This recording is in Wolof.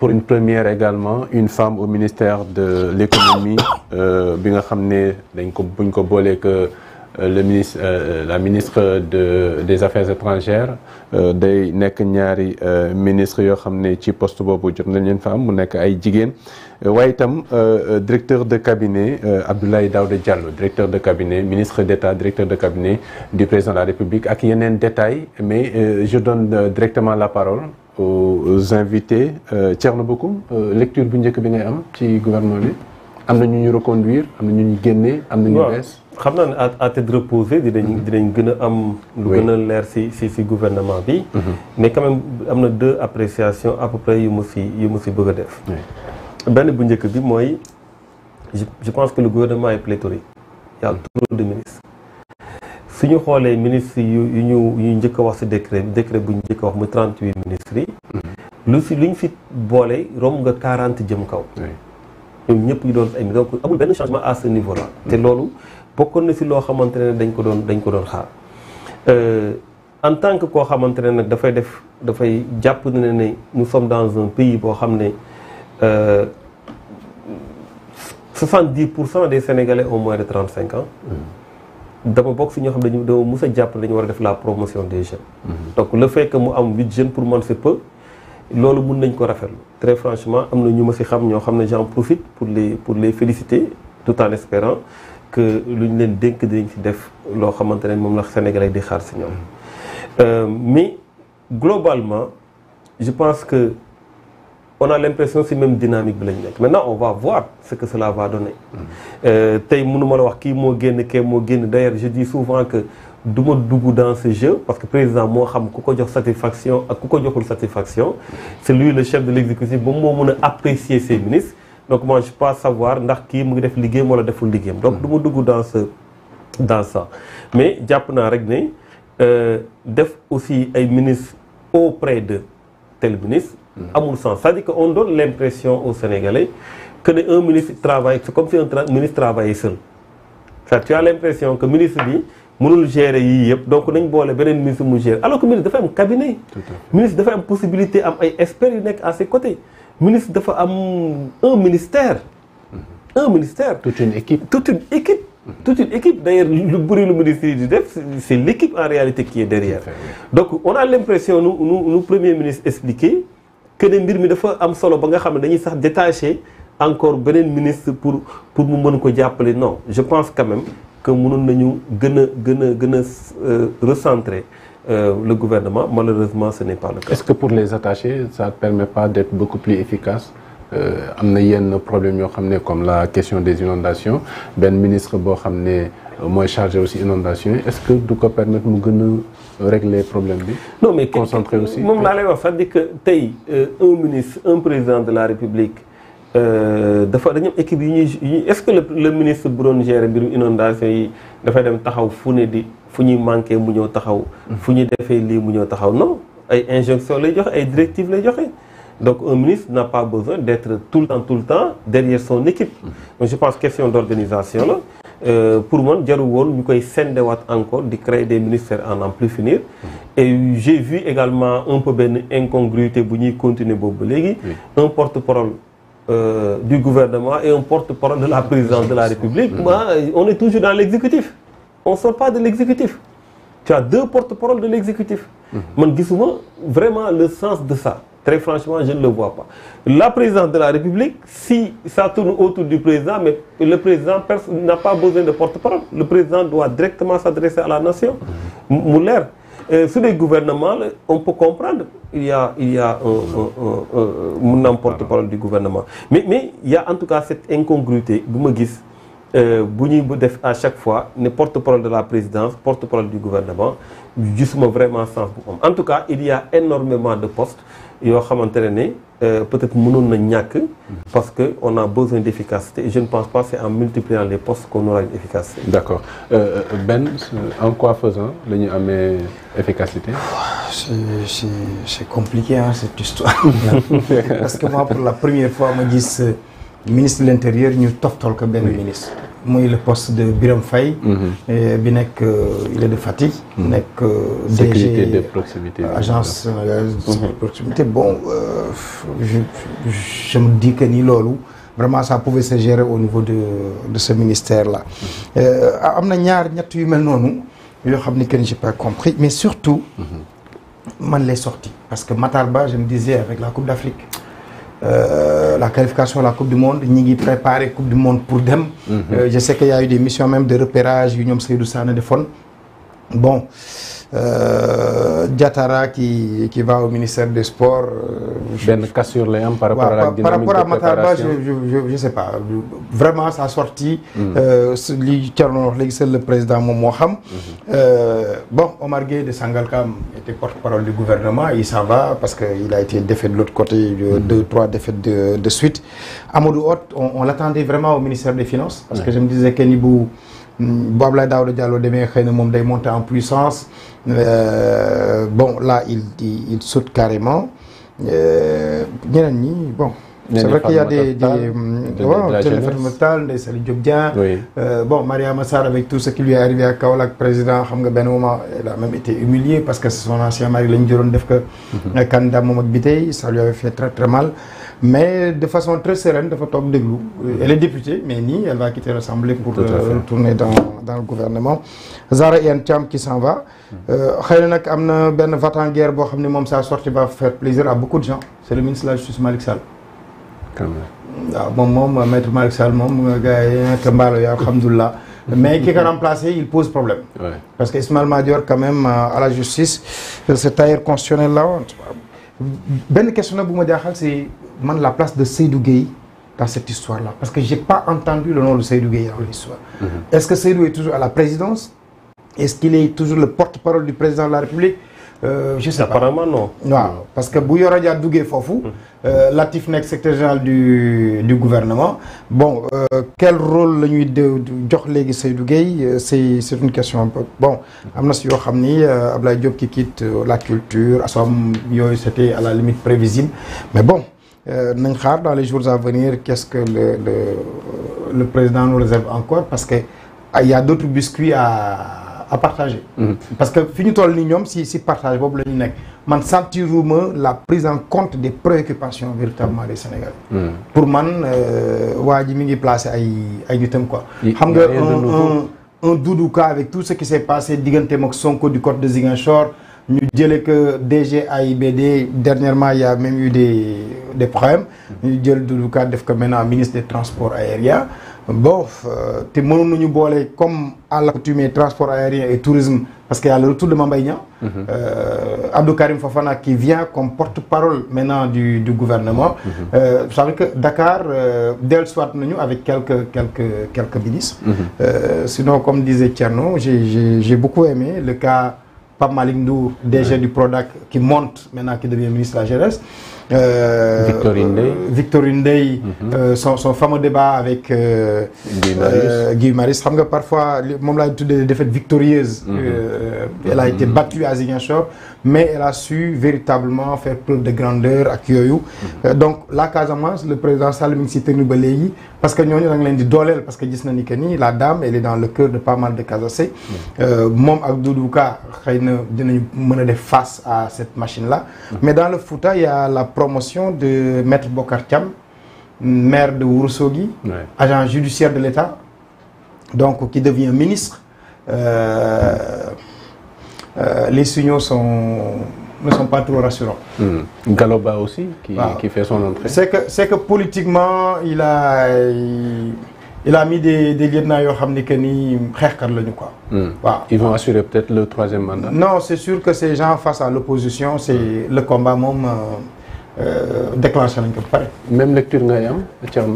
pour une première également une femme au ministère de l'économie euh, bi nga xam ne dañ ko buñ ko booleek euh, Euh, le ministre euh, euh, la ministre de des affaires étrangères day nekk ñaari ministre yoo xam ne ci poste boobu jot nañ leen fa am mu nekk ay jigéen waaye itam directeur de cabinet Abdoulaye Daouda Diallo directeur de cabinet ministre d'État directeur de cabinet du président de la République ak yeneen détails mais je donne directement la parole aux invités Thierno Bocoum lecture bu njëkk bi ngay am ci gouvernement bi am na ñu ñu reconduire am na ñu ñu génnee am na ñu bees xam naa ne à tête reposée dinañ mhm. dinañ gën a am lu gën leer si si si gouvernement bi mhm. mais quand même am na deux appréciations à peu yu ma si yu ma bëgg a def benn bu njëkk bi mooy je pense que le gouvernement est pléthorique y a mhm. de ministres su xoolee ministres yu yu ñu yu njëkk wax si décret bi bu ñu njëkk a wax mu 38 ministres yi lu si lu fi si boole romb nga quarante jëm kaw ñoom ñëpp ñu doon ay donc amul benn changement à ce niveau là. te loolu bokkoon na si loo xamante ne dañ ko doon dañ ko doon xaar euh, en tant que koo xamante ne nag dafay def dafay jàpp ne ne nous sommes dans un pays boo xam ne 70 euh, pour cent de sénégalais ont moins de 35 ans. Mm-hmm. dama bokk si ñoo xam ne dañu dama mus a jàpp ne dañu war a def la promotion des jeunes. Mm-hmm. donc le fait mu am 8 jeunes pour man c'est peu. loolu mun nañ ko rafetlu très franchement am na ñu ma si xam ñoo xam ne j'en profite pour les pour les féliciter tout en espérant que lu ñu leen dénk dinañ si def loo xamante ne moom la Sénégalais di xaar si ñoom euh, mais globalement je pense que on a l'impression si même dynamique bi lañ nekk maintenant on va voir ce que cela va donner mm. euh, tey mënu la wax kii moo génn kee moo génn d'ailleurs je dis souvent que du ma dugg dans jeu parce que président moo xam ku ko jox satisfaction ak ku ko joxul satisfaction c'est lui le chef de l'exécutif ba moo mën a apprécier ses ministres donc moi pas savoir ndax kii mu ngi def liggéeyam wala deful liggéeyam donc du ma dugg dans ce dans ça mais jàpp naa rek ne euh, def aussi ay ministres auprès de tel ministre hmm. amul sens c'est-à-dire que on donne l'impression aux Sénégalais que ne un ministre travaille c'est comme si un ministre travaillait seul ministre bi mënul gérer yii yëpp donc nañ boole beneen ministre mu gérer alors que ministre dafa am cabinet ministre dafa am possibilité am ay experts yu nekk à ses côté ministre dafa am un ministère mmh. un ministère toute une équipe tout une équipe mmh. toute équipe d'ailleurs lu bëri lu ministre yi di def c'est l'équipe en réalité qui est derrière donc on a l'impression nu nu premier ministre expliqué que ne mi dafa am solo ba nga xam ne dañuy sax détaché encore beneen ministre pour pour mu mën ko jàppale non je pense quand même que mënoon nañu gën a gën a gën a euh, recentrer euh, le gouvernement malheureusement ce n'est pas le cas. est-ce que pour les attachés ça ne permet pas d'être beaucoup plus efficace. Euh, am na yenn problème yoo xam ne comme la question des inondations benn ministre boo xam ne mooy chargé aussi inondation yi est-ce que du ko permettre mu gën a régler problème bi. non mais concentré aussi moom laa lay wax cest dire que tey un ministre un président de la République. Euh, dafa dañu am équipe yi ñuy est-ce que le ministre bu doon gérer mbirum inondation yi dafay dem taxaw fu ne di fu ñuy manqué mu ñëw taxaw. Mm-hmm. fu ñu defee lii mu ñëw taxaw non ay injonction lay joxe ay directives lay joxe donc un ministre n'a pas besoin d'être tout le temps tout le temps derrière son équipe. Mm-hmm. donc je pense question d'organisation la. Euh, pour moi, nous avons sendewatt encore di créer des ministères en en plus finir. Mm-hmm. Et j'ai vu également un peu d'incongruité pour continuer. Oui. Un porte-parole euh, du gouvernement et un porte-parole de la présidence de la République, bah, on est toujours dans l'exécutif. On ne sort pas de l'exécutif. Tu as deux porte-paroles de l'exécutif. Man gisuma vraiment le sens de ça. Très franchement, je ne le vois pas. La présidence de la République, si ça tourne autour du président, mais le président n'a pas besoin de porte-parole. Le président doit directement s'adresser à la nation. Mouler. Euh, su les gouvernement la on peut comprendre il y il y mun na porte-parole du gouvernement mais mais ya en tout cas cette incongruité bu ma gis euh, bu ñuy bu def à chaque fois ne porte-parole de la présidence porte-parole du gouvernement gisuma vraiment sens bu am en tout cas il y énormément de postes yoo xamante ne Euh, peut-être mënoon na ñàkk parce que on a besoin d'efficacité et je ne pense pas c'est en multipliant les postes qu'on aura une efficacité d'accord euh, euh Ben en quoi faisant la ñu amee efficacité c'est c'est compliqué hein, cette histoire parce que moi pour la première fois ma gis euh, ministre de l'intérieur ñu toftal ko benn ministre muy le poste de biram fay mhm. bi nekk euh, il est de Fatick. Mhm. nekk euh, DG sécurité de proximité agence mhm. bon euh, je je di dis que ni loolu vraiment ça pouvait se gérer au niveau de de ce ministère là. am na ñaar ñett yu mel noonu yoo xam ni que j'ai pas compris mais surtout. man les sorties parce que Matar Ba je me disais avec la Coupe d'Afrique. Euh, la qualification à la coupe du monde ñi ngi préparé coupe du monde pour dem. Mhm. Euh, je sais que y a eu des missions même de repérage yu ñoom Seydou Sané defoon bon. Euh, Diatara qui qui va au ministère des Sports. Euh, benn cassure lay am. par rapport ak par je sais pas vraiment sa sortie hmm. euh, li Thierno wax léegi c'est le président moom moo xam. Hmm. bon Omar Gueye de Sangalkam était porte-parole du gouvernement il s'en va parce que il a été défait de l'autre côté. Hmm. deux trois de de suite. Amadou Hott on l'attendait au ministère des Finances. parce que je me disais que ni bu Abdoulaye Daouda Diallo demee xëy na moom day monter en puissance euh, bon là il il saute carrément euh, ñeneen ñi bon. C'est vrai qu'il y a des, des, des ouais, de Fatima Tall, des Salih Diop euh, avec tout ce qui lui est arrivé à Kaolak, président, Hamga nga elle a même été humiliée parce que son ancien mari, Lenduron Defke, mhm. euh, Kanda Momad Bitey, ça lui avait fait très mal. Mais de façon très sereine, de façon de glou. Mhm. Elle est députée, mais ni, elle va quitter l'Assemblée pour euh, retourner dans, dans, le gouvernement. Zara Yantiam qui s'en va. Khayrenak mhm. euh, Amna Ben Vatanguer, Bohamni Momsa, sorti va faire plaisir à beaucoup waaw moom moom maître Malick Sall moom gars yi nekk mbaalo yi alhamdulilah. mais ki ko remplacé il pose problème. Ouais. parce que Ismaël Madior quand même euh, à la justice ce tailleur constitutionnel la woon. benn question nag bu ma jaaxal c'est man la place de Seydou Gueye dans cette histoire là parce que j'ai pas entendu le nom de Seydou Gueye dans l'histoire mm -hmm. est-ce que Seydou est toujours à la présidence est-ce qu'il est toujours le porte-parole du président de la République Euh, je sais pas apparemment non. waaw parce que bu Yoro Dia duggee foofu. Hmm. Euh, Latif nekk secrétaire général du du gouvernement bon euh, quel rôle la ñuy jox léegi Seydou Gueye c'est c'est une question bon am na si yoo xam ni Ablaye Diop ki quitte la culture asom yooyu c'était à la limite prévisible mais bon. nañ xaar dans les jours à venir qu'est-ce que le le le président nous réserve encore parce que ah, il y a d'autres biscuits à. à partager. Mhm. parce que fi ñu toll nii ñoom si si partage boobu la ñu nekk man sentiruma la prise en compte des préoccupations véritablement des Sénégalais. Mhm. pour man euh, waa ji mi ngi placé ay ay nitam quoi. xam nga un un Doudou avec tout ce qui s'est passé digganteem ak Sonko du côté de Ziguinchor. ñu jëlee que DG AIBD dernièrement il a même eu des des problèmes. ñu jël Doudou Ka def ko maintenant ministre des transports aériens. bon euh, te mënoon ñu boole comme à l'accoutumée transport aérien et tourisme parce qu'il y a le retour de Mame Mbaye Niang mm -hmm. euh, Abdou Karim Fofana qui vient comme porte-parole maintenant du du gouvernement. ça veut dire que Dakar euh, dellu si nañu avec quelques quelques quelques ministres. Mm -hmm. euh, sinon comme disait Thierno j'ai j'ai j'ai beaucoup aimé le cas Pape Malick du Prodac qui monte maintenant qui devient ministre de la jeunesse. Euh, Victorine Day. Euh, Victorine Day. Mhm. Euh, son son fameux débat avec. Guy Marius Guy Marius xam nga parfois moom laa tuddee défaite victorieuse. Mhm. elle a été mhm. battue à Ziguinchor mais elle a su véritablement faire preuve de grandeur ak yooyu. donc la Casamance le président Sall mi ngi si tenu ba léegi parce que ñooñu da leen di dooleel parce que gis na ni ni la dame elle est dans le cœur de pas mal de Casacé. moom ak Doudou Ka xëy na dinañu mën a def face à cette machine là. mais dans le Fouta il a la promotion de Maître Bokar Thiam maire de Ourossogui ouais. agent judiciaire de l'État donc qui devient ministre euh, euh, les signaux sont ne sont pas trop rassurants. Mmh. Galoba aussi qui, ah. qui fait son entrée. C'est que c'est que politiquement il a il, il a mis des des lieutenants yoo xam ne que ni xeexkat lañu quoi. waaw hmm. ils vont assurer peut-être le troisième mandat. non c'est sûr que ces gens face à l'opposition c'est mmh. le combat moom. Euh, Euh, déclenché nañ ko ba pare. même lecture ngay am Thierno.